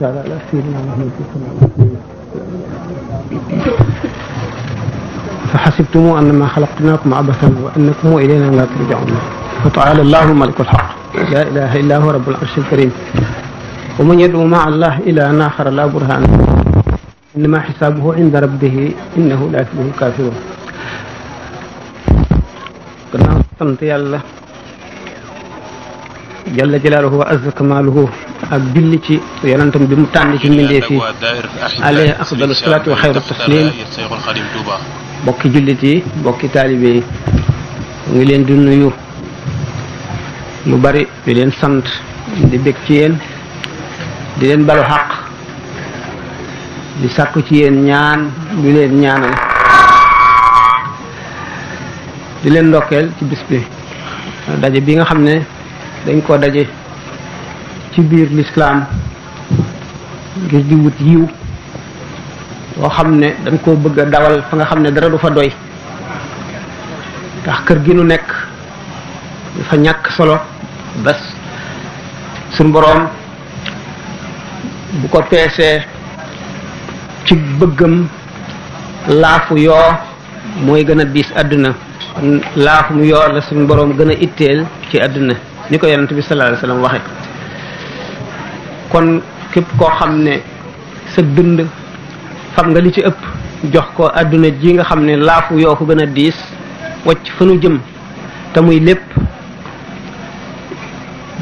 تعالى على سيدنا محمد صلى الله عليه وسلم فحسبتم أنما خلقناكم عبثا وأنكم إلينا لا ترجعون فتعالى الله الملك الحق لا إله إلا هو رب العرش الكريم ومن يدعو مع الله إلى آخر لا برهان إنما حسابه عند ربه إنه لا يفلح الكافرون gannaaw sant yàlla jalla jalaaluhu wa azza kamaaluhu ak julli ci yonentam bi mu tànn ci mbindeef yi alayhi afdalu salaatu wa xayru taslim bokki jullit yi bokki taalibe yi ngi leen di nuyu lu bari di leen sant di bég ci yéen di leen balu xaq di sàkku ci yéen ñaan di leen ñaanal di leen ndokkeel ci bis bi daje bi nga xam ne dañ koo daje ci biir lislaam ngir di wut yiw boo xam ne dañ koo bëgg a dawal fa nga xam ne dara du fa doy ndax kër gi nu nekk dafa ñàkk solo bas suñ boroom bu ko peesee ci bëggam laafu yoo mooy gën a diis àdduna laafu mu yoo la suñ boroom gën a itteel ci àdduna ni ko yonent bi sallallahu alayhi wasallam waxe kon képp koo xam ne sa dënd fam nga li ci ëpp jox ko àdduna ji nga xam ne laafu yoo ko gën a diis wacc fa nu jëm te muy lépp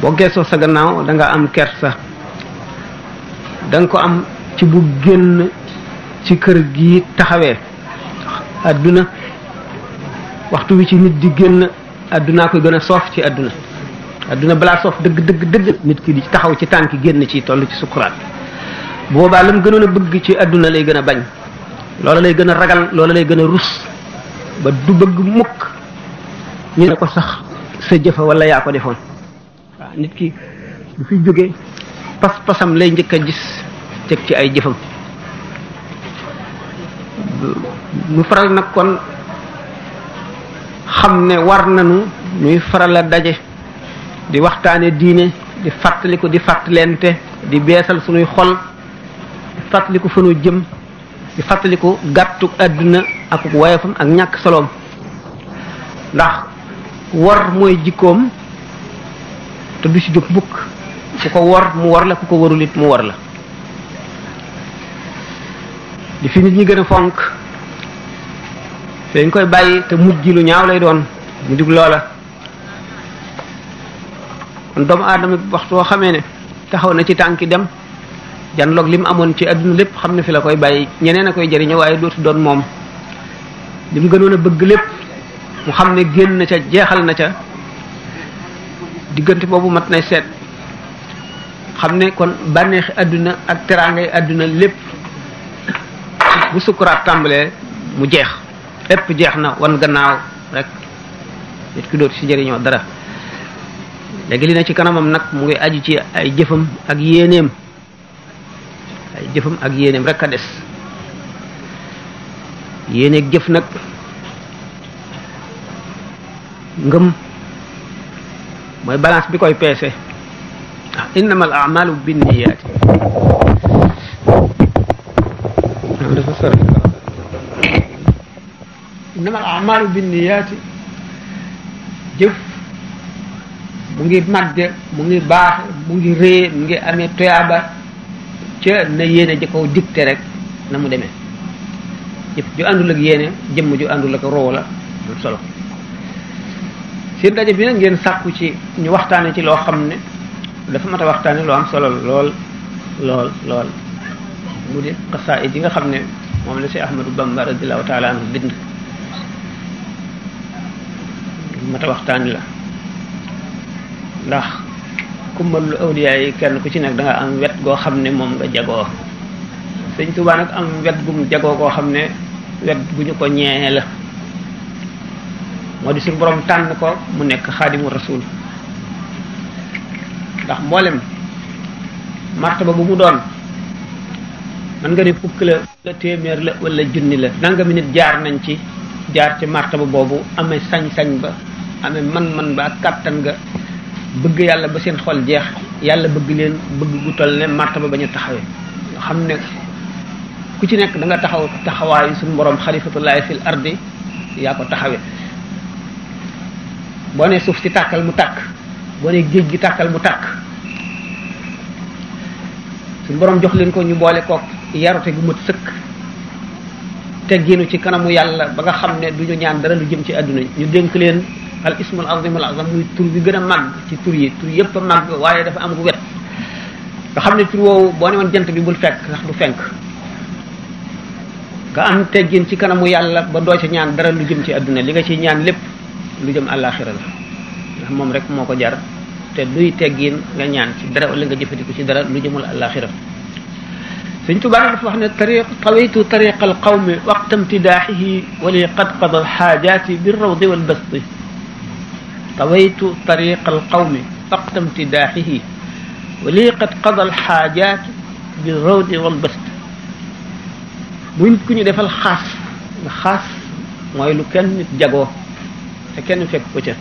boo geesoo sa gannaaw danga am kersa da nga ko am ci bu génn ci kër gi taxawee àdduna waxtu wi ci nit di génn addunaa koy gën a soof ci àdduna adduna balaa soof dëgg dëgg dëgg nit ki di taxaw ci tànk génn ci tollu ci sukkuraat boobaa lam gënoon a bëgg ci àdduna lay gën a bañ loola lay gën a ragal loola lay gën a rus ba du bëgg mukk ñu ne ko sax sa jëfa wala yaa ko defoon nit ki du fi jóge pas-pasam lay njëkk a gis teg ci ay jëfam mu faral nag kon xam ne war nañu ñuy faral a daje di waxtaane diine di fàttaliku di fàttalente di beesal sunuy xol di fàttaliku fa jëm di fàttaliku gàttu àdduna ak woyofam ak ñàkk soloom ndax wor mooy jikkoom te du ci jóg mukk ku ko wor mu wor la ku ko warul it mu wor la li fi nit ñi gën a fonk dañ koy bàyyi te mujj lu ñaaw lay doon ñu dig loola kon doomu aadama bi waxtu xamee ne taxaw na ci tànki dem janloog li mu amoon ci àdduna lépp xam ne fi la koy bàyyi ñeneen a koy jëriñoo waaye dootu doon moom lim mu gënoon bëgg lépp mu xam ne génn na ca jeexal na ca diggante boobu mat na seet xam ne kon bànneexi àdduna ak teraangay àdduna lépp bu sukkuraat tàmbalee mu jeex lépp jeex na wan gannaaw rek nit ki dootu si jëriñoo dara léegi li ci kanamam nag mu ngi aji ci ay jëfam ak yéeneem ay jëfam ak yéeneem rek a des yéeneeg jëf nag ngëm mooy balance bi koy peese ah innamal a'malu binniyaati innamal jëf mu ngi màgge mu ngi baax mu ngi rée mu ngi amee toyaaba ca na yéene ja ko dicté rek na mu demee jëf ju àndul ak yéene jëmm ju àndul ak roo la am solo seen daje bi nag ngeen sàkku ci ñu waxtaane ci loo xam ne dafa mat a waxtaane loo am solo lool lool lool mu di xasaayid yi nga xam ne moom la si Ahmadou Bamba radiallahu taala anhu bind mat a la ndax kumbalul awliya yi kenn ku ci nekk da nga am wet goo xam ne moom nga jagoo sëñ Tuubaa nag am wet gum jagoo goo xam ne wet gu ñu ko ñeene la moo di suñu borom tànn ko mu nekk xaadimu rasul ndax mboolem martaba bu mu doon mën nga ne fukk la la téeméer la wala junni la nangami nit jaar nañ ci jaar ci martaba boobu amee sañ-sañ ba amee man-man ba ak kàttan ga bëgg yàlla ba seen xool jeex yàlla bëgg leen bëgg gu toll ne martaba ba ñu taxawee nga xam ne ku ci nekk da nga taxaw taxawaayu suñu borom xalifatullahi fil ardi yaa ko taxawee boo ne suuf si tàkkal mu tàkk boo ne géej gi tàkkal mu tàkk suñu borom jox leen ko ñu boole kook yarute gu mat sëkk teggiinu ci kanamu yàlla ba nga xam ne du ñu ñaan dara lu jëm ci àdduna ñu dénk leen al ismul azimul azam muy tur bi gën a màgg ci tur yi tur yëpp a màgg waaye dafa am gu wet nga xam ne tur woowu boo ne woon jant bi bul fekk ndax du fenk nga am teggin ci kanamu yàlla ba doo ca ñaan dara lu jëm ci àdduna li nga ciy ñaan lépp lu jëm àllaaxira la ndax moom rek moo ko jar te duy teggin nga ñaan ci dara wala nga jëfandiku ci dara lu jëmul àllaaxira Sëñ Tuubaa dafa wax ne tariq tawaytu tariqa alqawmi waqta imtidaaxihi wali qad qada alxaajaati bi rawdi walbasti tawaytu tariqa alqawmi faqta imtidaaxihi wa lii qad qada alxaajaat bi rawdi wal bast buñ ku ñu defal xaas nga xaas mooy lu kenn nit jagoo kenn fekk ko ca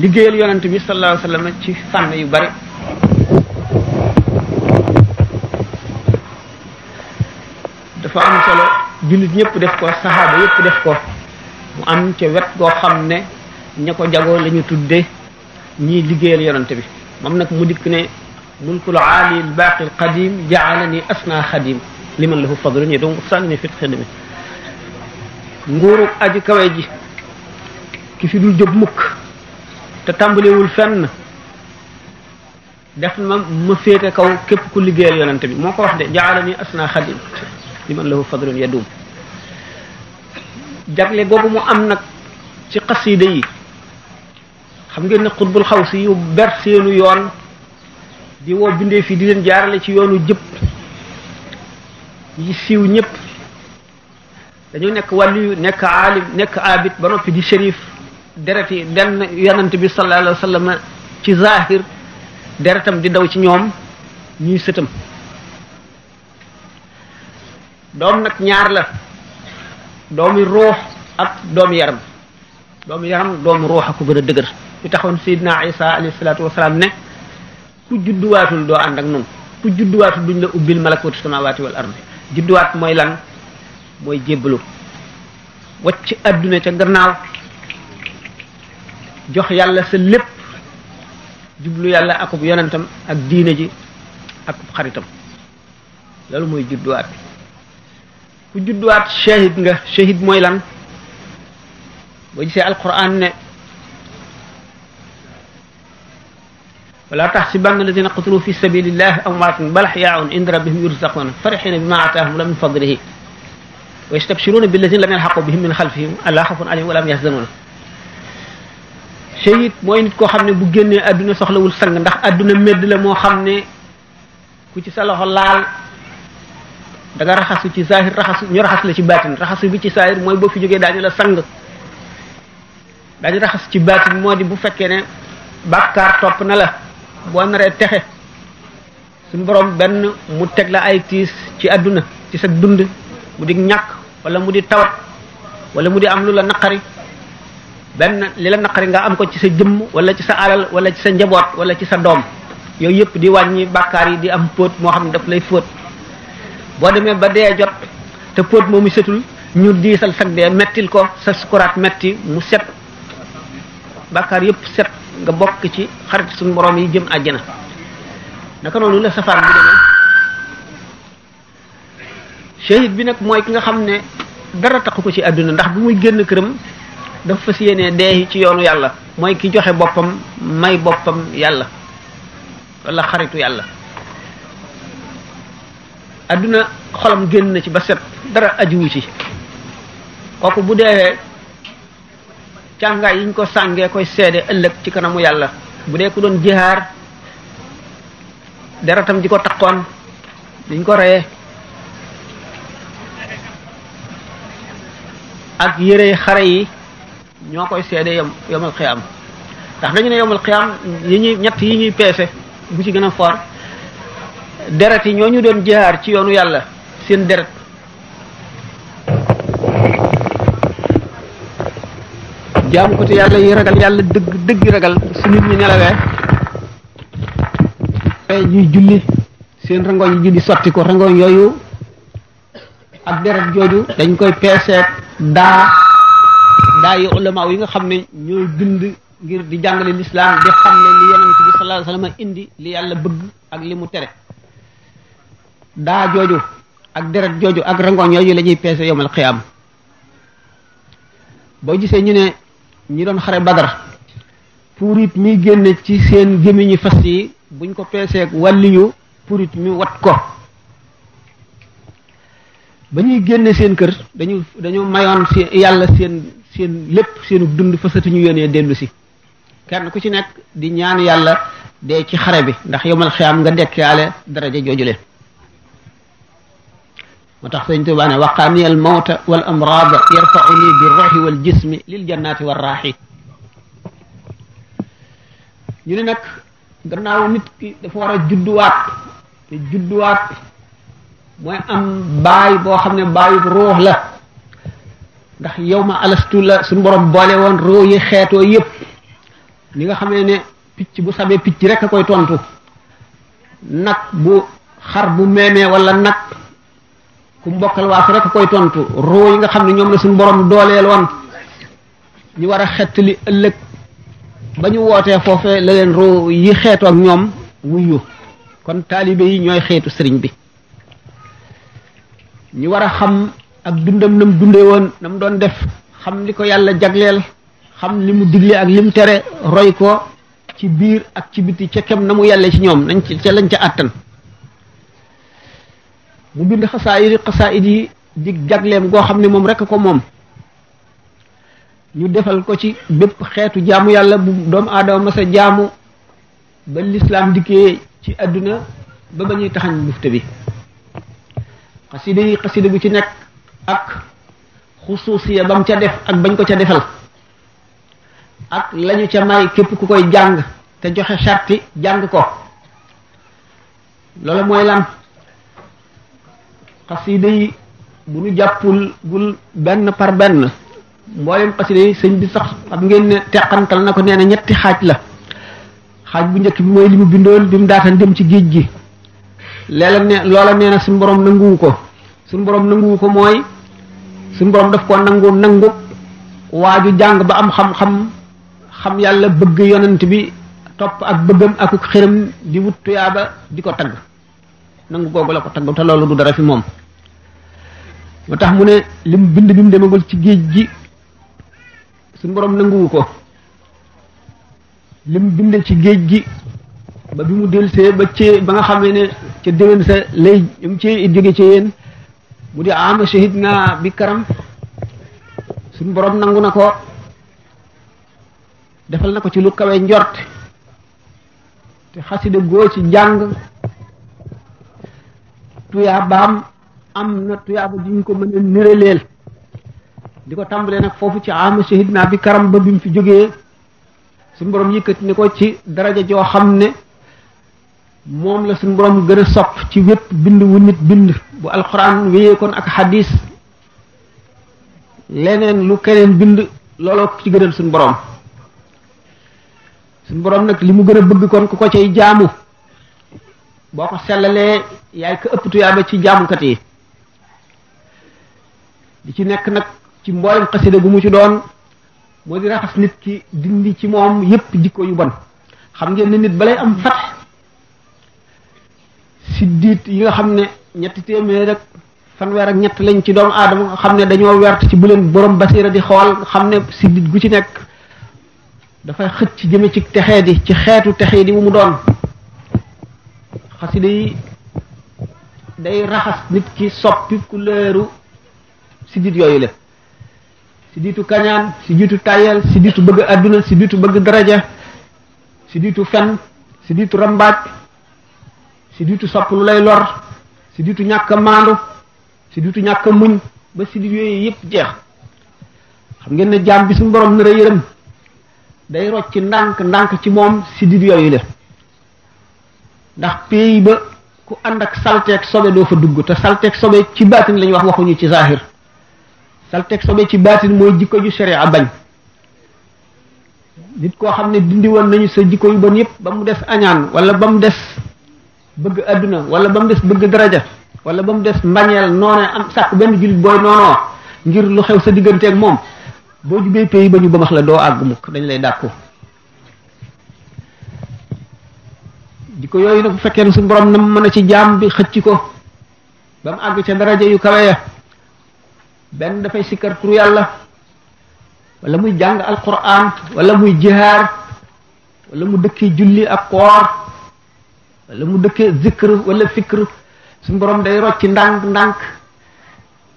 liggéeyal yonent bi sallallahu alayhi wa sallam ci fànn yu bari dafa am solo jullit ñëpp def ko saxaaba yëpp def ko mu am ca wet goo xam ne ña ko jagoo la ñu tudde ñiy liggéeyal yonante bi moom nag mu dikk ne mulkul aali lbaaqi lqadim jaalani asna xadim liman lahu fadlun yadum sànni fit xidmi nguuru aji kawe ji ki fi dul jóg mukk te tàmbalewul fenn def ma ma féete kaw képp ku liggéeyal yonante bi moo ko wax de jaalani asna xadim liman lahu fadlun yadum jagle boobu mu am nag ci xasida yi xam ngeen ne xutbul xaw si yu ber seenu yoon di woo bindee fii di leen jaarale ci yoonu jëpp yi siiw ñëpp dañu nekk wàlliyu nekk aalim nekk abid ba noppi di shérif deret yi denn yonent bi sallallahu alayhi wa ci zahir deretam di daw ci ñoom ñuy sëtam doom nag ñaar la doomi ruux ak doomi yaram doomi yaram doomu ruux ak ko gën a dëgër li taxoon Seydina Isa alayhi salaatu wasalaam ne ku judduwaatul doo ànd ak noonu ku judduwaatul duñ la ubbil malakuutu samawaati wal ardi judduwaat mooy lan mooy jébbalu wacc adduna ca gannaaw jox yàlla sa lépp jublu yàlla akub yonentam ak diine ji akub xaritam loolu mooy judduwaat bi ku judduwaat shahid nga shahid mooy lan boo gisee alquran ne wala taxsibanna alladina qutilu fi sabilillah amwaatan bal axyaaun inda rabbihim yurzaquna farixina bima ataahum la min fadlihi wa yastabshiruna billadina lam yalxaqu bihim min xalfihim ala xafun alayhim wala hum yaxzanuna shahid mooy nit koo xam ne bu génnee adduna soxlawul sang ndax adduna medd la moo xam ne ku ci sa loxo laal danga raxasu ci zahir raxasu ñu raxas la ci baatin raxasu bi ci zahir mooy boo fi jógee daañu la sang daañu raxas ci baatin moo di bu fekkee ne bàkkaar topp na la boo naree texe suñu borom benn mu teg la ay tiis ci àdduna ci sa dund mu di ñàkk wala mu di tawat wala mu di am lu la naqari benn li la naqari nga am ko ci sa jëmm wala ci sa alal wala ci sa njaboot wala ci sa doom yooyu yëpp di wàññi bàkkaar yi di am póot moo xam ne daf lay fóot boo demee ba dee jot te pot póot moomu setul ñu diisal sag dee mettil ko sa sukuraat metti mu set bàkkaar yépp set nga bokk ci xarit suñu borom yi jëm àjjana naka noonu la safaan bi demee shahid bi nag mooy ki nga xam ne dara taxu ko ci àdduna ndax bu muy génn këram dafa fas yéenee dee ci yoonu yàlla mooy ki joxe boppam may boppam yàlla wala xaritu yàlla adduna xolam génn na ci ba set dara ajuwu ci kooku bu dee càngaay yiñ ko sàngee koy seede ëllëg ci kanamu yàlla bu dee ku doon jihaar deratam ji ko taqoon dañ ko reyee ak yërey xare yi ñoo koy seede yom yomal xiyaam ndax dañu ne yomal xiyaam yi ñuy ñett yi ñuy peese bu ci gën a fort deret yi ñoo ñu doon jihaar ci yoonu yàlla seen deret jaamu ko te yàlla yi ragal yàlla dëgg dëgg ragal su nit ñi nelawee tey ñuy julli seen rangoñ yi julli sotti ko rangoñ yooyu ak deret jooju dañ koy peeseet daa daa yi ulama yi nga xam ne ñooy bind ngir di jàngale lislaam di xam ne li yonent bi sallallahu alayhi indi li yàlla bëgg ak li mu tere daa jooju ak deret jooju ak rangoñ yooyu la ñuy peese yomal xiyaam boo gisee ñu ne ñi doon xare badar puurit mi génn ci seen gémmiñi fas yi buñ ko peesee wàlliyu puurit mi wat ko ba ñuy génne seen kër dañu dañu mayoon seen yàlla seen seen lépp seenu dund fasatuñu yónnee dellu si kenn ku ci nekk di ñaan yàlla dee ci xare bi ndax yomal xiyaam nga dekk dekkaale daraja joojule moo tax sëñ Tuubaa ne waqaani al mawta wal amraada yarfauni bi ruuxi ne nag gannaaw war a judduwaat judduwaat mooy am boo xam ne baayu ruux la ndax yow ma alastu la suñu borom boole woon ruux yi xeetoo yépp li nga xamee ne picc bu sabee picc rek a koy tontu nag bu xar bu meemee wala nag ku mbokkal waa fi rek koy tontu roo yi nga xam ne ñoom la suñu borom dooleel woon ñu war a xettali ëllëg ba ñu wootee foofee la leen roo yi xeetoo ak ñoom wuyu kon taalibe yi ñooy xeetu sëriñ bi ñu war a xam ak dundam nam dundee woon nam doon def xam li ko yàlla jagleel xam li mu digle ak li mu tere roy ko ci biir ak ci biti ca kem na mu yàlla ci ñoom nañ ca lañ ca àttan mu bind xasaayid xasaayid yi di jagleem goo xam ne moom rek ko moom ñu defal ko ci bépp xeetu jaamu yàlla bu doomu aadama masa jaamu ba lislaam dikkee ci àdduna ba ba ñuy taxañ bufte bi xasida yi xasida bu ci nekk ak xusuusiya bam ca def ak bañ ko ca defal ak lañu ca may képp ku koy jàng te joxe sarti jàng ko loolu mooy lan xasida yi bu ñu jàppul gul benn par benn mboolem xasida yi sëñ bi sax xam ngeen ne teqantal na ko nee na ñetti xaaj la xaaj bu njëkk bi mooy li mu bindoon bi mu daataan dem ci géej gi leela loola nee na suñu borom nanguwu ko su mboroom nanguwu ko mooy suñu borom daf koo nangu nangu waaju jàng ba am xam-xam xam yàlla bëgg yonant bi topp ak bëggam ak xiram di wut tuyaaba di ko tagg nangu googu ko tagg te loolu du dara fi moom ba tax mu ne lim bind bi mu demagul ci géej gi suñu borom nanguwu ko lim bind ci géej gi ba bi mu delsee ba cee ba nga xamee ne ca déwén sa lay mu cee jóge ci yéen mu di am shahid naa bi karam su borom nangu na ko defal na ko ci lu kawe njort te xasida goo ci njàng tuyaabaam am na tuyaaba duñ ko mën a néraleel di ko tàmbalee nag foofu ci ama shahid naa bi karam ba bi mu fi jógee suñu borom yëkkati ni ko ci daraja joo xam ne moom la suñ borom gën a sopp ci wépp bind wu nit bind bu alxuraan wéyee kon ak xadis leneen lu keneen bind looloo ci gënal suñ boroom suñu borom nag li mu gën a bëgg kon ku ko cay jaamu boo ko sellalee yaay ko ëpp tuyaaba ci jaamukat yi li ci nekk nag ci mboolem xasida gu mu ci doon moo di raxas nit ki dindi ci moom yépp jikko yu bon xam ngeen ne nit balay am fat siddiit yi nga xam ne ñetti téeméer rek fanweer ak ñett lañ ci doomu aadama xam ne dañoo wert ci bu leen borom basiira di xool xam ne siddiit gu ci nekk dafay xëcc jëme ci texee di ci xeetu texee di bu mu doon xasida yi day raxas nit ki soppi kuleeru si dit yooyu la si kañaan si diitu tayel si diitu bëgg adduna si diitu bëgg daraja si diitu fen si diitu rambaaj si diitu sopp lu lay lor si diitu ñàkk a maandu si ñàkk muñ ba si yooyu yépp jeex xam ngeen ne jaam bi suñu borom nar yërëm day rocc ndànk ndànk ci moom si diit yooyu la ndax pays ba ku ànd ak salteeg sobe doo fa dugg te salteeg sobe ci baatin la ñuy wax waxuñu ci zahir salteeg sobe ci baatin mooy jikko ju sharia bañ nit koo xam ne dindi woon nañu sa jikko yu bon yëpp ba mu des añaan wala ba mu des bëgg àdduna wala ba mu des bëgg daraja wala ba mu des mbañeel noone am sàkk benn jullit booy noonoo ngir lu xew sa digganteeg moom boo jubee pays ba ñu ba max la doo àgg mukk dañ lay dàkku jikko yooyu nag bu fekkee ne suñu mboroom na mën a ci jaam bi xëcc ko ba mu àgg ca daraja yu kawe ya benn dafay sikkar turu yàlla wala muy jàng alquran walla muy jihaar wala mu dëkkee julli ak koor wala mu dëkkee zikr wala fikr suñu borom day rocc ndànk ndànk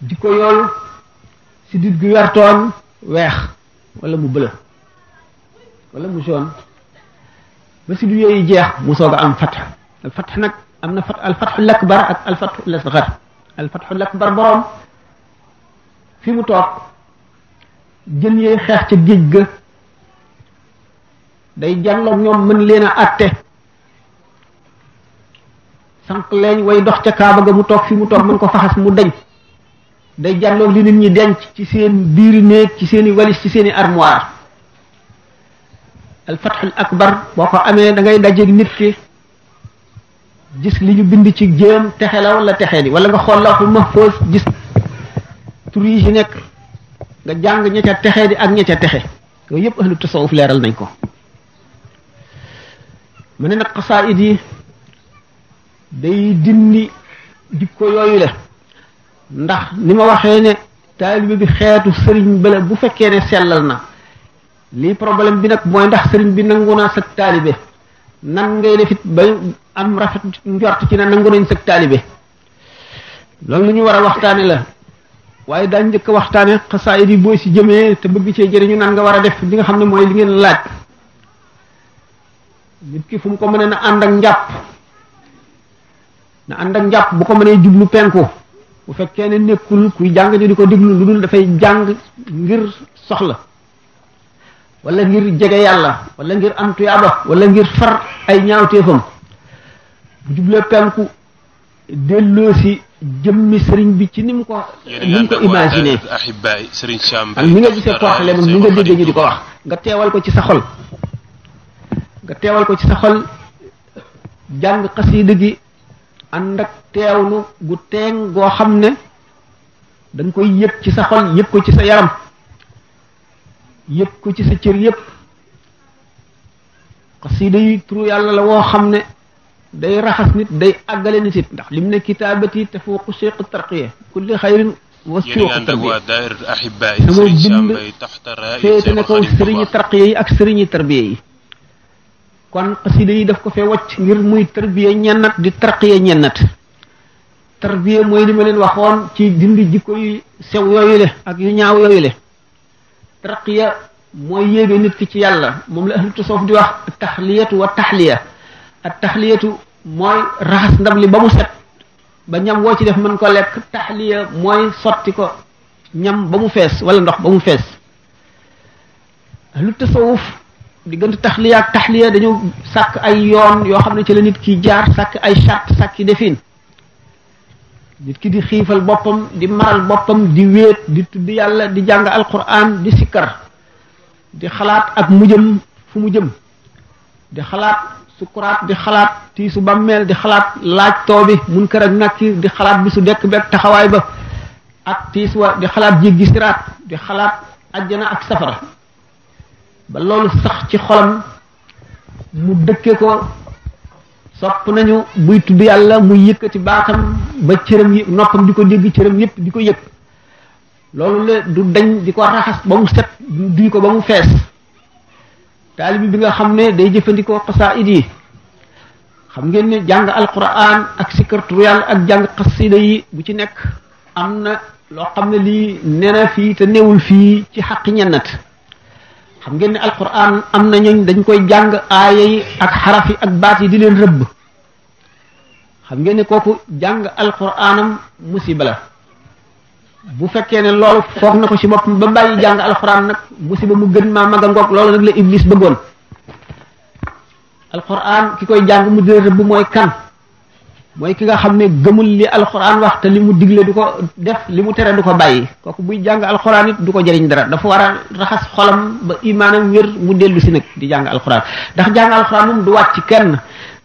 jikko yooyu si dit gu wertoon weex walla mu bëla walla mu jaune ba si du yooyu jeex mu soog a am fatx al fatx nag am na fat al fatxu lakbar ak al fatxu lasgar al fatxu lakbar boroom fi mu toog jën yooyu xeex ca géej ga day jàlloog ñoom mën leen a atte sànq leen way dox ca kaaba ga mu toog fi mu toog mën ko faxas mu deñ day jàlloog li nit ñi denc ci seen biir néeg ci seeni i walis ci seeni i al fatxul akbar boo ko amee da ngay dajeeg nit ki gis li ñu bind ci jéem texe la wala texe di wala nga xool lawhul mahfuz gis tur yi nekk nga jàng ña ca texe di ak ña ca texe yooyu yëpp ahlu tasawuf leeral nañ ko mu ne nag xasaayid yi day dindi jikko yooyu la ndax ni ma waxee ne taalibe bi xeetu sëriñ bala bu fekkee ne sellal na lii problème bi nag mooy ndax sëriñ bi nangu naa sëg taalibe nan ngay defit ba am rafet njort ci ne nangu nañ sëg taalibe loolu lu ñu war a waxtaane la waaye daañ njëkk waxtaane xasaayid yi booy si jëmee te bëgg cee jëriñu nan nga war a def bi nga xam ne mooy li ngeen laaj nit ki fu mu ko mënee na ànd ak njàpp na ànd ak njàpp bu ko mënee jublu penku bu fekkee ne nekkul kuy jàng ñu di ko déglu lu dul dafay jàng ngir soxla wala ngir jege yàlla walla ngir am tuyaaba wala ngir far ay ñaawteefam bu jublee penku delloo si jëmmi sëriñ bi ci ni mu ko ni mu ko imaginer ak ni nga gisee kooxale moom ni nga jege ñu di ko wax nga teewal ko ci sa xol nga teewal ko ci sa xol jàng xasiida gi ànd ak teewlu gu teeng goo xam ne dañ koy yëg ci sa xol yëg ko ci sa yaram yëg ko ci sa cër yëpp xasida yi turu yàlla la woo xam ne day raxas nit day àggale nit it ndax lim ne kitaabati tafooqu cheikh tarqiya kulli xayrin wa suuq tarbiya dama bind féete na kaw sëriñi tarqiya yi ak sëriñi tarbiya yi kon xasida yi daf ko fee wàcc ngir muy tarbiya ñennat di tarqiya ñennat tarbiya mooy li ma leen waxoon ci dindi jikko yu sew yooyu le ak yu ñaaw yooyu le raqiya mooy yéege nit ki ci yàlla moom la ahlu tasawuf di wax taxliyatu wa taxliya ak taxliyatu mooy raxas ndab li ba mu set ba ñam woo ci def mën ko lekk taxliya mooy sotti ko ñam ba mu fees wala ndox ba mu fees ahlu tasawuf diggante taxliya ak taxliya dañu sàkk ay yoon yoo xam ne ci la nit ki jaar sàkk ay charte sàkki defin nit ki di xiifal boppam di maral boppam di wéet di tudd yàlla di jàng alquran di sikkar di xalaat ak mu mujjëm fu mu jëm di xalaat sukuraat di xalaat tiisu bàmmeel di xalaat laaj too bi mun kër ak nakki di xalaat bisu dekk beeg taxawaay ba ak tiis wa di xalaat jéggi siraat di xalaat ajjana ak safara ba loolu sax ci xolam mu dëkke ko sopp nañu buy tudd yàlla muy yëkkati baatam ba cëram yi noppam di ko dégg cëram yépp di ko yëg loolu la du dañ di ko raxas ba mu set duy ko ba mu fees taalibi bi nga xam ne day jëfandikoo xasaayid yi xam ngeen ne jàng alquran ak sikartu yàlla ak jàng xasida yi bu ci nekk am na loo xam ne lii nee fii te newul fii ci xaqi ñennat xam ngeen ne alquran am na ñooñ dañ koy jàng aaya yi ak xaraf yi ak baat yi di leen rëbb xam ngeen ne kooku jàng alxuraanam musiba la bu fekkee ne loolu foog na ko ci bopp ba bàyyi jàng alxuraan nag musiba mu gën maa mag a ngoog loolu nag la iblis bëggoon alxuraan ki koy jàng mu dina rëbb mooy kan mooy ki nga xam ne gëmul li alxuraan wax te li mu digle du ko def li mu tere ko bàyyi kooku buy jàng alxuraan du ko jëriñ dara dafa war a raxas xolam ba imaanam wér mu dellu si nag di jàng alxuraan ndax jàng alxuraan du wàcc kenn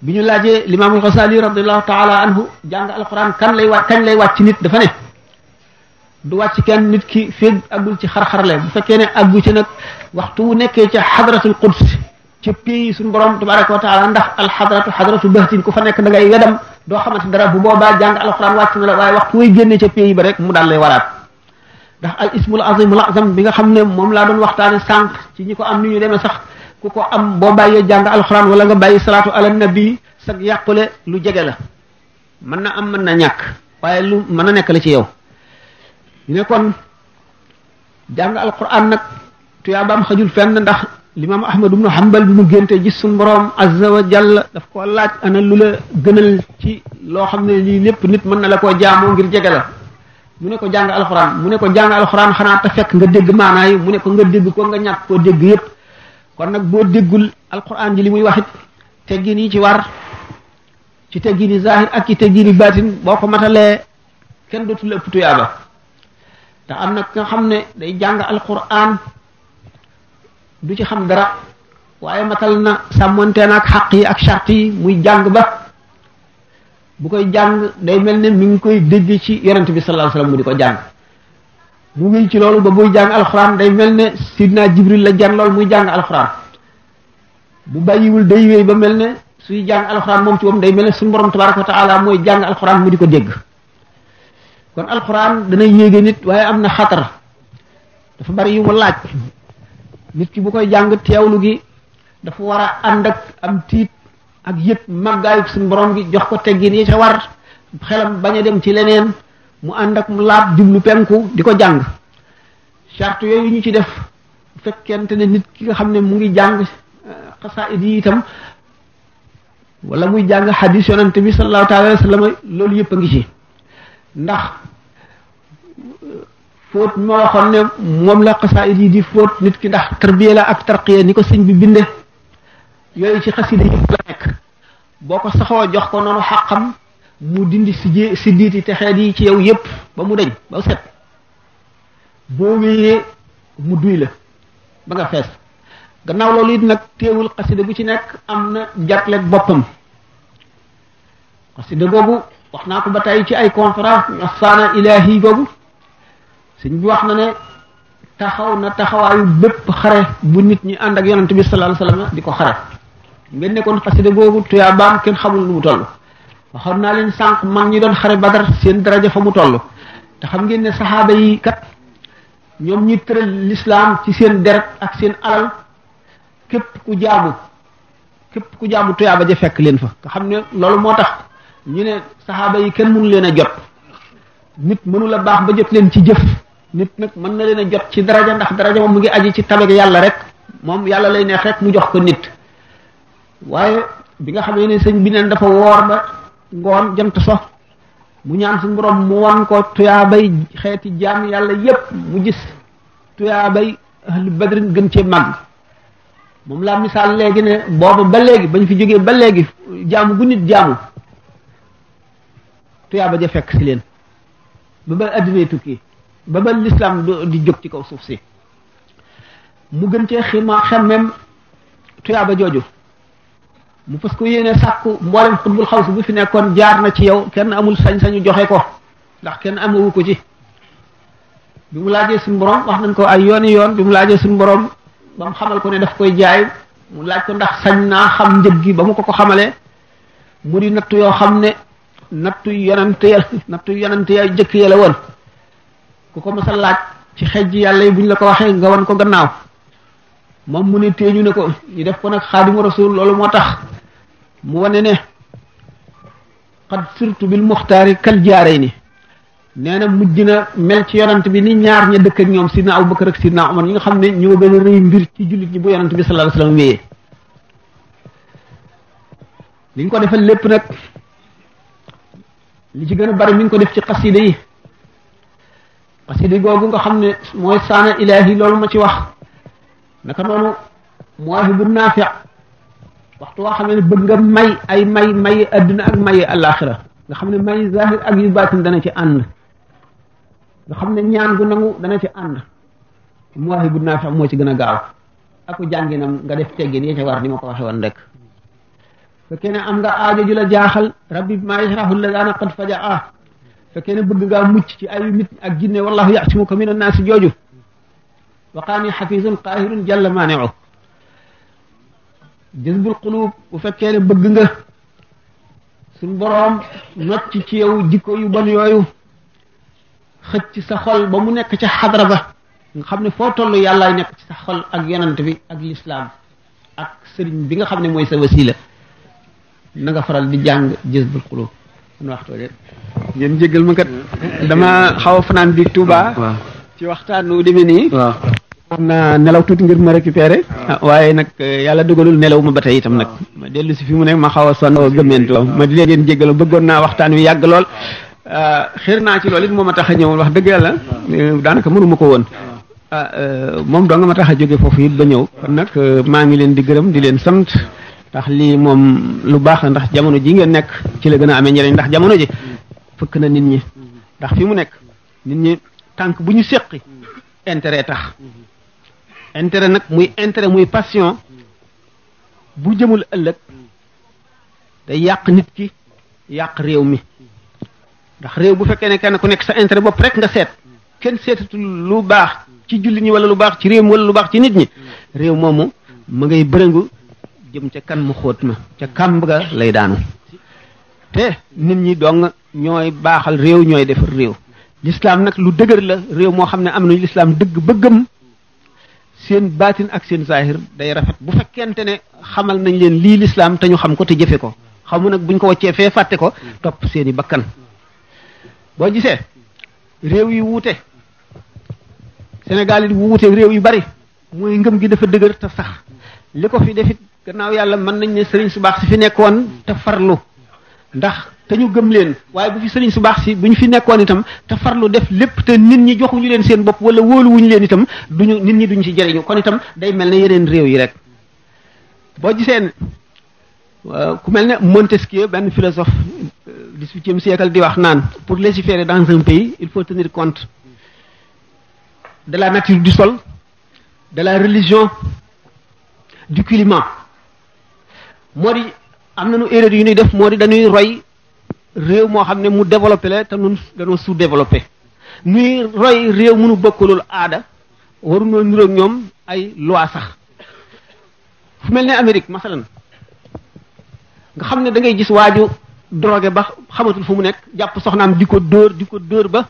bi ñu laajee limaamul Xasaali radiallahu taala anhu jàng alquran kan lay wàcc kañ lay wàcc nit dafa ne du wàcc kenn nit ki feeg àggul ci xar-xarle bu fekkee ne àggu ci nag waxtu wu nekkee ca xadratul quds ci pays suñu borom tabaraka wa taala ndax alxadratu xadratu bahtin ku fa nekk da ngay wedam doo xamante dara bu boobaa jàng alquran wàcc na la waaye waxtu way génnee ca pays ba rek mu daan lay waraat ndax al ismul azimul azam bi nga xam ne moom laa doon waxtaane sànq ci ñi ko am ni ñu demee sax ku ko am boo bàyyee jàng alxuraan wala nga bàyyi salaatu ala nabi sag yàqule lu jege la mën na am mën na ñàkk waaye lu mën a nekk la ci yow ñu ne kon jàng alxuraan nag tuyaabaam xajul fenn ndax limaam ahmad ibnu hambal bi mu génte gis suñu boroom azza wa jalla daf ko laaj ana lu la gënal ci loo xam ne lii lépp nit mën na la koo jaamoo ngir jege la mu ne ko jàng alxuraan mu ne ko jàng alxuraan xanaa te fekk nga dégg maanaa yi mu ne ko nga dégg ko nga ñàkk koo dégg yépp kon nag boo déggul alquran ji li muy waxit teggin yi ci war ci teggin yi zahir ak ci teggin baatin boo ko matalee kenn dootul ëpp tuyaaba ndax am na nga xam ne day jàng alquran du ci xam dara waaye matal na sàmmanteen ak xaq yi ak charte yi muy jàng ba bu koy jàng day mel ne mi ngi koy dégg ci yonent bi sallallahu alayhi wasallam mu di ko jàng mu wéy ci loolu ba buy jàng alxuraan day mel ne sidna jibril la jan lool muy jàng alxuraan bu bàyyiwul day wéy ba mel ne suy jàng alxuraan moom ci moom day mel ne suñu borom tabaraka wa taala mooy jàng alxuraan mu di ko dégg kon alxuraan dana yéege nit waaye am na xatar dafa bari yu mu laaj nit ki bu koy jàng teewlu gi dafa war a ànd ak am tiit ak yëpp màggaayu su borom gi jox ko teggin yi ca war xelam bañ a dem ci leneen mu ànd ak mu laab jublu penku di ko jàng charte yooyu ñu ci def bu fekkente ne nit ki nga xam ne mu ngi jàng eh, xasaid yi itam wala muy jàng xadis yonante bi sallallahu taala alayhi loolu yëpp a ngi ci ndax fóot ma moom la xasaid di fóot nit ki ndax tarbiya ak tarqiya ni ko sëñ bi binde yooyu ci xasida yëpp la nekk boo ko saxoo jox ko noonu xaqam mu dindi si si diiti te xeet yi ci yow yépp ba mu deñ ba set boo wéyee mu duy la ba nga fees gannaaw loolu it nag teewul xasida bu ci nekk am na njàtleeg boppam xasida googu wax naa ko ba tey ci ay conférence asaana ilaahi googu sëñ bi wax na ne taxaw na taxawaayu bépp xare bu nit ñi ànd ak yonante bi sallallahu alayhi wasallam di ko xare ngeen nekkoon xasida googu tuyaa baam kenn xamul nu mu toll xam naa leen sànq mag ñi doon xare badar seen daraja fa mu toll te xam ngeen ne saxaaba yi kat ñoom ñi tëral lislaam ci seen deret ak seen alal képp ku jaamu képp ku jaamu tuyaaba ja fekk leen fa nga xam ne loolu moo tax ñu ne saxaaba yi kenn mënu leen a jot nit mënu la baax ba jot leen ci jëf nit nag mën na leen jot ci daraja ndax daraja moom mu ngi aji ci tabeg yàlla rek moom yàlla lay neex rek mu jox ko nit waaye bi nga xamee ne sëñ bi neen ngoon jant so mu ñaan suñu borom mu wan ko tuyaabay xeeti jaam yàlla yépp mu gis tuyaabay ahlu badrin gën ci màgg moom laa misaal léegi ne boobu ba léegi bañ fi jógee ba léegi jaamu gu nit jaamu tuyaaba ja fekk si leen ba ba addinay tukki ba ba lislaam di jóg ci kaw suuf si mu gën cee xima xemmem tuyaaba jooju mu fës ko yéene sàkku mboolem xutbul xaw si bu fi nekkoon jaar na ci yow kenn amul sañ-sañu joxe ko ndax kenn amawu ko ci bi mu laajee suñu borom wax nañ ko ay yooni yoon bi mu laajee suñu borom ba mu xamal ko ne daf koy jaay mu laaj ko ndax sañ naa xam njëg gi ba mu ko ko xamalee mu di nattu yoo xam ne nattu yonante ya nattu yonante ya jëkk ya la woon ku ko masa laaj ci xej ji yàlla yi buñ la ko waxee nga wan ko gannaaw moom mu ne téeñu ne ko ñu def ko nag xaadimu rasul loolu moo tax mu wane ne xad surtu bil muxtaari kal jaarey ni nee na mujj na mel ci yonant bi ni ñaar ña dëkk ak ñoom sidna abubakar ak sidna omar ñi nga xam ne ñoo gën a rëy mbir ci jullit ñi bu yonant bi sallallahu alayhi wasallam wéyee li ñu ko defal lépp nag li ci gën a bari mi ngi ko def ci xasida yi xasida googu nga xam ne mooy saana ilaahi loolu ma ci wax naka noonu muwaahibu naafi' waxtu woo xam ne bëgg nga may ay may may adduna ak may alaxira nga xam ne may zahir ak yu dana ci ànd nga xam ne ñaan gu nangu dana ci ànd muwaahi bu naafi moo ci gën a gaaw aku jànginam nga def teggin yee ca war ni ma ko waxe woon rek am nga aajo ju la jaaxal rabbi maa yashrahu ladana qad fajaa fekkee ne bëgg ngaa mucc ci ay nit ak jinne wallahu ya'simuka min annaasi jooju waqaani xafisun qaahirun jalla maaniu jëzbul xuluub bu fekkee ne bëgg nga suñ boroom not ci ci yow jikko yu bon yooyu xëcc sa xol ba mu nekk ca xadra ba nga xam ne foo toll yàllaay nekk ci sa xol ak yonent bi ak lislaam ak sëriñ bi nga xam ne mooy sa wasila nanga faral di jàng jëzbul xuluub mun waxtoo ngeen jéggal ma kat dama xaw fanaan bi Tuuba ci waxtaan wu demee nii xam naa nelaw tuuti ngir ma récupéré ah. ah, waaye nag eh, yàlla dogalul nelaw ma ba tey itam nag ma dellu si fi mu nekk ma xaw a sonn gëmmentu ah. ma di leen jégalu bëggoon naa waxtaan wi yàgg lool xër naa ci loolu it moo ma tax a ñëw wax dëgg yàlla eh, daanaka mënuma ko woon eh, moom doo nga ma tax a jóge foofu it ba ñëw nag maa ngi leen di gërëm di leen sant ndax lii moom lu baax la ndax jamono ji ngeen nekk ci la gën a amee njëriñ ndax jamono ji fëkk na nit ñi ndax fi mu nekk nit ñi tànk bu ñu séqi intérêt tax intérêt nag muy intérêt muy passion bu jëmul ëllëg te yàq nit ki yàq réew mi ndax réew bu fekkee ne kenn ku nekk sa intérêt bopp rek nga seet kenn seetatu lu baax ci julli ñi wala lu baax ci réew mi wala lu baax ci nit ñi réew moomu mu ngay bërëngu jëm ca kan mu xóot ma ca kàmb ga lay daanu te nit ñi dong ñooy baaxal réew ñooy defar réew lislaam nag lu dëgër la réew moo xam ne am nañu lislaam dëgg bëggam seen baatin ak seen zahir day rafet bu fekkente ne xamal nañ leen lii lislaam te ñu xam ko te jëfe ko xamu nag buñ ko waccee fee fàtte ko topp seeni bakkan boo gisee réew yi wuute Sénégal yi wuute réew yu bari mooy ngëm gi dafa dëgër te sax li ko fi defit gannaaw yàlla mën nañ ne sëriñ su baax si fi nekkoon te farlu ndax te ñu gëm leen waaye bu fi sëriñ su baax si bu ñu fi nekkoon itam te farlu def lépp te nit ñi joxuñu leen seen bopp wala wóoluwuñu leen itam duñu nit ñi duñu ci jëriñu kon itam day mel ne yeneen réew yi rek boo giseen euh, ku mel ne Montesquieu benn philosophe euh, dix-huitième siècle di wax naan pour légiférer dans un pays il faut tenir compte de la nature du sol de la religion du climat moo di am nañu erreur yu ñuy def moo di dañuy roy réew moo xam ne mu développé la te nun dañoo sous développé nuy roy réew mënu bokkalul aada waruñoo niroog ñoom ay loi sax fu mel ne Amérique masalan nga xam ne da ngay gis waaju drogué ba xamatul fu mu nekk jàpp soxnaam di ko dóor di ko dóor ba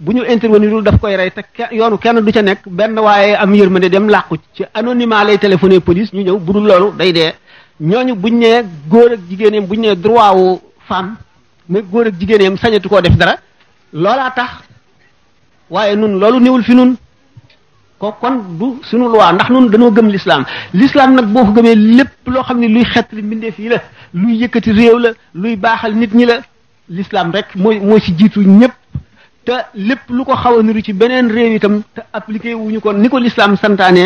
bu ñu intervenirul daf koy rey te yoonu kenn du ca nekk benn waaye am yërmande dem làqu ci anonymat lay téléphoné police ñu ñëw budul loolu day dee ñooñu buñ nee góor ak jigéeneem buñ nee droit wu femme mais góor ak jigéen yam sañatu koo def dara loolaa tax waaye nun loolu néewul fi nun ko kon du sunu loi ndax nun dañoo gëm l'islam l'islam nag boo ko gëmee lépp loo xam ne luy xett li mbindeef yi la luy yëkkati réew la luy baaxal nit ñi la lislaam rek mooy mooy ci jiitu ñépp te lépp lu ko xaw a niru ci beneen réew itam te appliqué wuñu ko ni ko l'islam santaane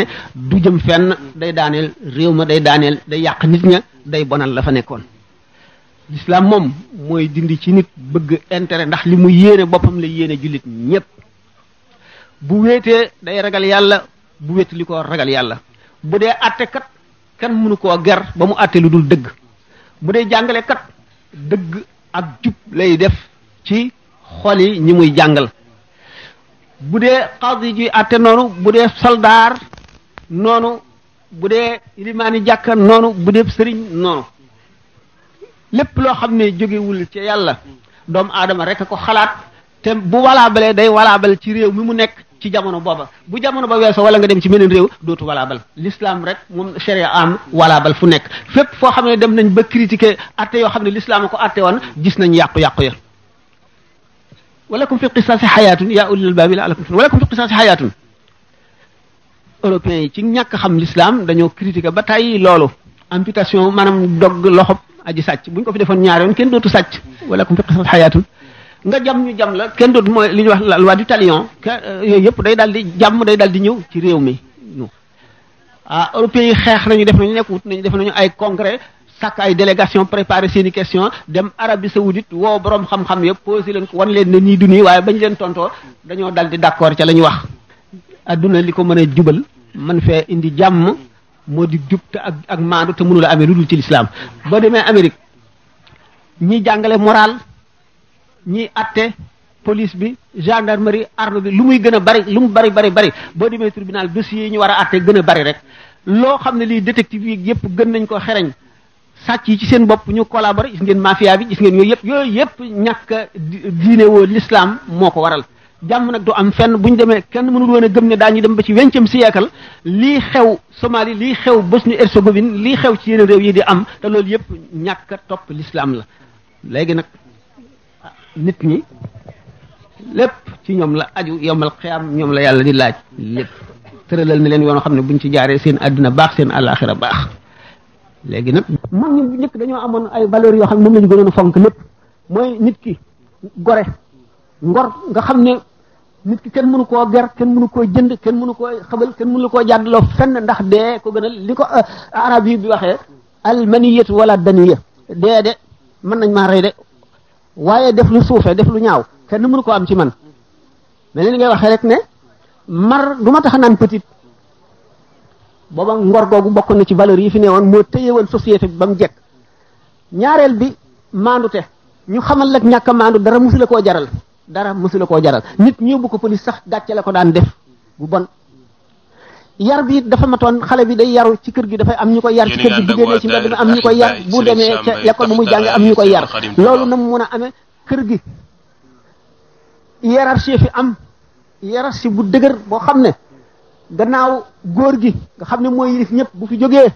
du jëm fenn day daaneel réew ma day daaneel day yàq nit ña day bonal la fa nekkoon l'islam moom mooy dindi ci nit bëgg intere ndax li mu yéene boppam la yéene jullit ñépp bu wéetee day ragal yàlla bu wéet li ko ragal yàlla bu dee àtte kat kenn mënu ko ger ba mu àtte lu dul dëgg bu dee jàngale kat dëgg ak jub lay def ci xol yi ñi muy jàngal bu dee xadi ji àtte noonu bu dee soldaar noonu bu dee ilimaani jàkka noonu bu dee sëriñ noonu lépp loo xam ne jógewul ci yàlla doomu aadama rek ko xalaat te bu walaabalee day walaabal ci réew mi mu nekk ci jamono booba bu jamono ba weesoo wala nga dem ci meneen réew dootu walaabal l'islam rek moom sharia am walaabal fu nekk fépp foo xam ne dem nañ ba critiquer atte yoo xam ne l'islam a ko atte woon gis nañ yàqu-yàqu ya walakum fi qisaasi xayaatun yaa ulil albaabi laalakum walakum fi qisaasi xayaatun européens yi ci ñàkk xam l'islam dañoo critiquer ba tàyyi loolu amputation maanaam dog loxo aji sàcc buñ ko fi defoon ñaari yoon kenn dootu sàcc wala kum fi qisas xayaatun nga jam ñu jam la kenn dootu mooy li ñuy wax la loi du talion euh, yooyu yëpp day daal di jàmm day daal di ñëw ci réew mi ah européens yi xeex nañu def nañu nekk nañu def nañu ay congrès sàkk ay délégation préparé seeni question dem Arabie Saoudite woo borom xam-xam yëpp posé leen ko wan leen ne nii du nii waaye bañ leen tontoo dañoo dal di d'accord ca la ñu wax adduna li ko mën a jubal moo di jub te ak ak maandu te mënula amee lu dul ci lislaam boo demee Amérique ñi jàngale moral ñi atte police bi gendarmerie arme bi lu muy gën a bari lu mu bari bari bari boo demee tribunal dossiers ñu war a atte gën a bari rek loo xam ne lii détective yi yëpp gën nañ ko xereñ sàcc yi ci seen bopp ñu collaboré gis ngeen mafia bi gis ngeen yooyu yëpp yooyu yëpp ñàkk diine woo lislaam moo ko waral jàmm nag du am fenn bu ñu demee kenn mënul woon a gëm ne daañu dem ba ci wencam siècle lii xew Somalie lii xew Bosnie Herzégovine lii xew ci yeneen réew yi di am te loolu yëpp ñàkk topp l'islam la léegi nag nit ñi lépp ci ñoom la aju yowmal xiyaam ñoom la yàlla di laaj lépp tëralal na leen yoon xam ne buñ ci jaaree seen àdduna baax seen àllaaxira baax léegi nag mag ñi njëkk dañoo amoon ay valeur yoo xam ne moom la ñu gënoon a fonk lépp mooy nit ki gore nit ki kenn mënu koo ger kenn mënu koo jënd kenn mënu koo xabal kenn mënu koo jàddloo fenn ndax dee ko gënal li ko euh, arab yi bi waxee almaniyatu wala daniya dee de mën nañ maa rey de waaye def lu suufee def lu ñaaw kenn mënu koo am ci man mais li ngay waxee rek ne mar du ma tax naan petit booba ngor googu bokk na ci valeurs yi fi nee woon moo téye woon société bi ba mu jekk ñaareel bi maandute ñu xamal lak ñàkk a dara musu koo jaral dara mësula koo jaral nit ñëw bu ko police sax gàcce la ko daan def bu bon yar bi dafa matoon xale bi day yaru ci kër gi dafay am ñu koy yar ci kër gi bu génnee ci mbedd mi am ñu koy yar bu demee ca l'école muy jànge am ñu koy yar loolu na mu mën a amee kër gi hiérarchie fi am hiérarchie bu dëgër boo xam ne gannaaw góor gi nga xam ne mooy yilif ñëpp bu fi jógee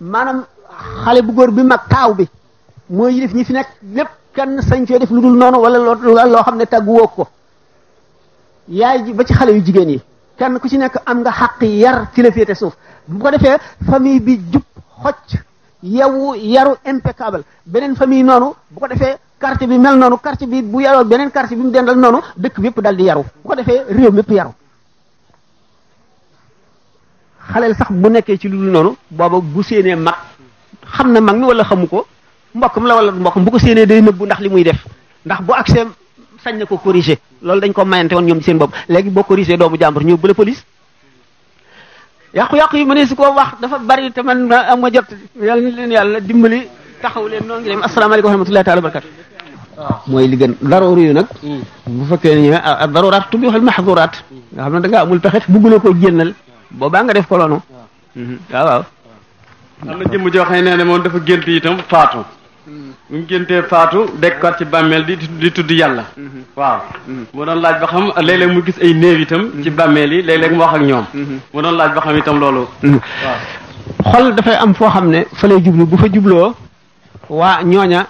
maanaam xale bu góor bi mag taaw bi mooy yilif ñi fi nekk lépp kenn sañ cee def lu dul noonu wala loo xam ne tàggu woo ko yaay ji ba ci xale yu jigéen yi kenn ku ci nekk am nga xaq yar ci la féete suuf bu ko defee famille bi jub xocc yow yaru impeccable beneen famille noonu bu ko defee quartier bi mel noonu quartier bi bu yaroo beneen quartier bi mu dendal noonu dëkk bi yëpp dal di yaru bu ko defee réew mi yëpp yaru xaleel sax bu nekkee ci lu dul noonu booba bu séenee mag xam na mag mi wala xamu ko mbokkam la wala mbokk bu ko séenee day nëbbu ndax li muy def ndax bu accès sañ na ko corriger loolu dañ ko mayante woon ñoom seen bopp léegi boo corriger doomu jàmbur ñëw bële police yàqu-yàqu yi ma ne si ko wax dafa bari te man am ma jot yàlla ni leen yàlla dimbali taxaw leen noo ngi leen asalaamaaleykum wa rahmatullahi taala mooy li gën daroor nag hmm. bu fekkee ne a ah ah daroraat tubi waxal maxduraat hmm. nga xam ne da ngaa amul pexe bëgguloo ko génnal boobaa nga def ko loonu hmm. waaw waaw am na jëmm joo xam ne nee na moom dafa gént buñ géntee faatu dekkaat ci bàmmeel di di tudd yàlla mm-hmm. waaw mm-hmm. mu doon laaj ba xam léeg-léeg mu gis ay néew itam ci mm-hmm. bàmmeel yi léeg-léeg mu wax ak ñoom mu laaj ba xam itam loolu xol dafay am foo xam ne fa lay jublu bu fa jubloo waa ñooña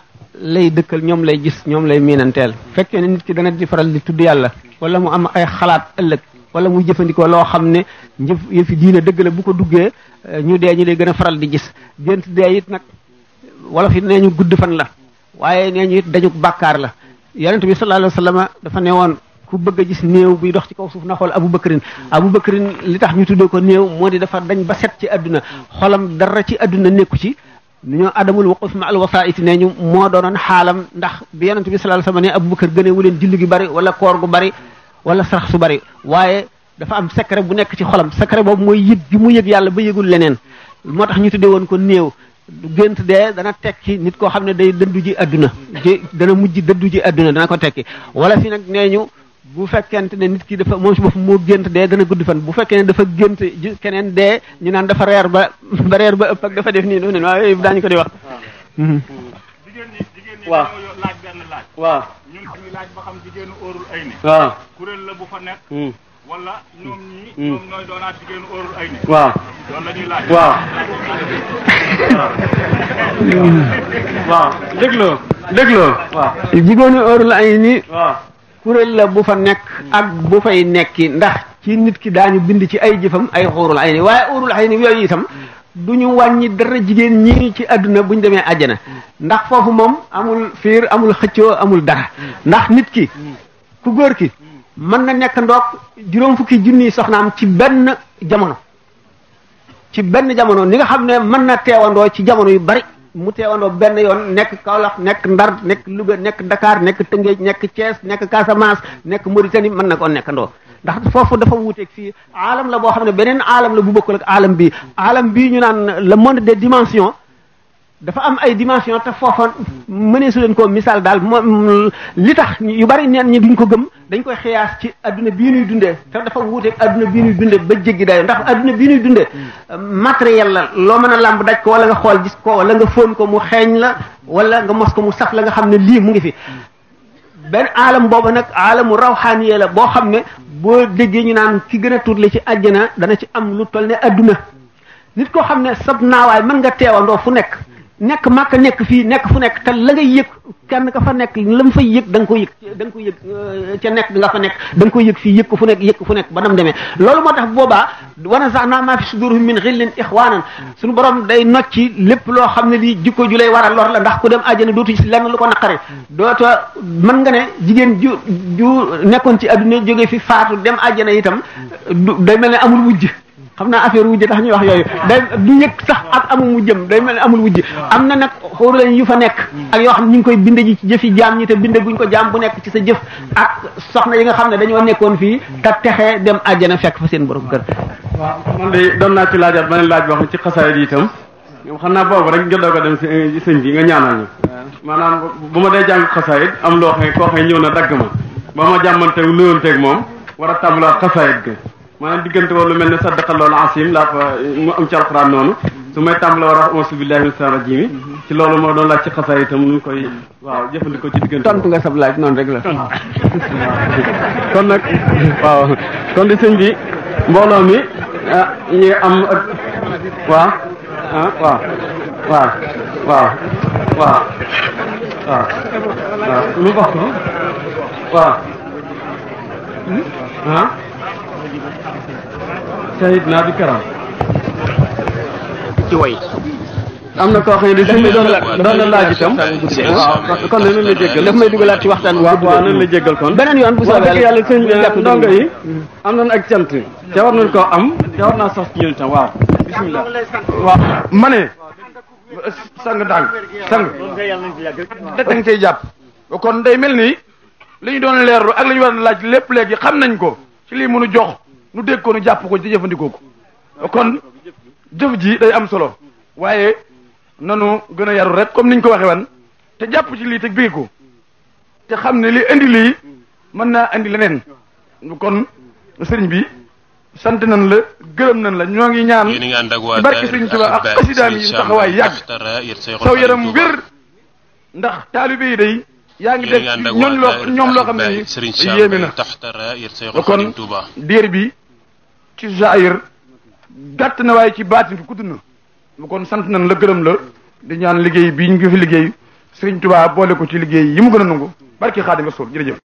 lay dëkkal ñoom lay gis ñoom lay miinanteel fekkee ne nit ki dana di faral di tudd yàlla wala mu am ay xalaat ëllëg wala muy jëfandikoo loo xam ne njëf yëfi diine dëgg la bu ko duggee eh, ñu dee ñu lay gën a faral di gis gént dee it nag wolof yi nee ñu gudd fan la waaye nee ñu it dañu bàkkaar la yonent bi sallallahu alayhi wa sallam dafa ne woon ku bëgg gis néew buy dox ci kaw suuf na xool abu bakrin abu bakrin li tax ñu tuddee ko néew moo di dafa dañ ba set ci àdduna xolam dara ci àdduna nekku ci nu ñoo adamul waquf ma al wasaa'it nee ñu moo doonoon xaalam ndax bi yonent bi sallallahu alayhi wa sallam ne abu bakar gënee wu leen julli gi bari wala koor gu bari wala sarax su bari waaye dafa am secret bu nekk ci xolam secret boobu mooy yëg bi mu yëg yàlla ba leneen moo tax ñu tuddee woon ko néew gént dee dana tekki nit koo xam ne day dëddu ji adduna dana mujj dëddu ji àdduna dana ko tekki wala fi nag nee ñu bu fekkente ne nit ki dafa moom si bopp moo gént dee dana gudd fan bu fekkee dafa gént ji keneen dee ñu naan dafa reer ba ba reer ba ëpp ak dafa def nii daf nen waaw yooyu daañu ko di wax mhm. jigéen ñi la bu wala ñoom hmm. hmm. waaw la ñuy jigéenu óorul ay ni la bu fa nekk. ak bu fay nekki ndax. ci nit ki daañu bind ci ay jëfam ay óorul ay waaye óorul ay ni yooyu itam. Hmm. du ñu wàññi dara jigéen ñi ci àdduna bu ñu demee àjjana ndax foofu moom amul fiir amul xëcco amul dara ndax nit ki ku góor ki mën na nekk juróom fukki junniy soxnaam ci benn jamono ci benn jamono ni nga xam ne mën na teewandoo ci jamono yu bari mu teewandoo benn yoon nekk Kaolack nekk Ndar nekk Louga nekk Dakar nekk Tëngéej nekk Thiès nekk Casamance nekk Mauritanie mën na koo nekkandoo ndax foofu dafa wuuteeg fii aalam la boo xam ne beneen aalam la bu bokkul ak aalam bii aalam bii ñu naan le monde de dimension dafa am ay dimension te foofa mënee su leen koo misaal daal moom li tax yu bari neen ñi duñ ko gëm dañ koy xiyaas ci adduna bii nuy dundee te dafa wuuteeg adduna bii ñuy dundee ba jéggi dayo ndax adduna bii nuy dundee matériel la loo mën a làmb daj ko wala nga xool gis ko wala nga foon ko mu xeeñ la wala nga mos ko mu saf la nga xam ne lii mu ngi fi benn aalam boobu nag aalamu rawxaaniye la boo xam ne boo déggee ñu naan ki gën a tuutle ci àjjana dana ci am lu toll ne adduna nit koo xam ne sab naawaay mën nga teewandoo fu nekk nekk màkk nekk fii nekk fu nekk te la ngay kenn ka fa nekk la mu fay yëg da koy yëg da nga koy euh, ca nekk nga fa nekk da koy yëg fii yëg ko fu nekk yëg ko nekk ba nam demee loolu moo tax boobaa wana sax naa maa fi sudurhum min xillin ixwanan suñu borom day nocci lépp loo xam ne lii jikko ju lay war a lor la ndax ku dem àjjana dootu ci lenn lu ko naqare dooto mën nga ne jigéen ju ju nekkoon ci adduna jóge fi faatu dem àjjana itam day mel ne amul wujj xam naa affaire wujj tax ñuy wax yooyu day du yëg sax ak amul wujjam day mel amul wujj am na nag xóoru lañ yu fa nekk ak yoo xam ne ñu ngi koy binde ji ci jëf jëfi jaam ñi te binde guñ ko jaam bu nekk ci sa jëf ak soxna yi nga xam ne dañoo nekkoon fii te texe dem àjjana fekk fa seen borom kër waaw man de doon naa ci laajaat beneen laaj boo xam ci xasaay yi itam ñoom xam naa boobu rek nga ko dem eh, sëñ bi nga ñaanal maanaam bu ma dee jàng xasaayit am loo xam ne koo xam ñëw na dagg ma ba ma jàmmanteeg nuyoonteeg moom war a tàmbalaat xasaayit ga maanaam diggante boobu lu mel ne saddaqa loolu asim laa fa mu am ci alxuraan noonu su may tàmbale war a wax auzu billahi min saan ci loolu moo doon laaj ci xasaa itam nu koy jëfandikoo ci diggante tontu nga sab laaj noonu rek la ah. kon nag waaw kon di sëñ bi mbooloo mi ah, ñu am ak waaw ah waaw waaw waaw waaw sayid naa bi karam ci way am na koo xam ne li suñu doon doon la laaj itam waaw kon nan la jéggal daf may dugalaat ci waxtaan waaw waaw nan la jéggal kon beneen yoon bu soobee yàlla sëñ bi am nañ ak cant te war nañ koo am te war naa sax ci ñun itam waaw bismillah waaw ma ne sang dang sang da nga cay jàpp kon day mel ni li ñu doon leerlu ak li ñu war a laaj lépp léegi xam nañ ko ci lii mënu jox nu dégg ko jàpp ko ci jëfandikoo kon jëf ji day am solo waaye nanu gën a yaru rek comme niñ ko waxee wan te jàpp ci lii te bégg ko te xam ne li indi lii mën naa indi leneen kon sëriñ bi sant nañ la gërëm nan la ñoo ngi ñaan ci barke sëriñ Tuubaa ak xasidaam yi taxawaay yàgg saw yaram wér ndax taalibe yi day yaa ngi def ñoom loo ñoom loo xam ne ni o na kon diir bi ci jaayir gàtt na waaye ci baatin bi gudd na kon sant nañ la gërëm la di ñaan liggéey bii ñu ngi fi liggéey Sëriñ Tuubaa boole ko ci liggéey yi mu gën a nangu barki Xaadimu Rasuul jërëjëf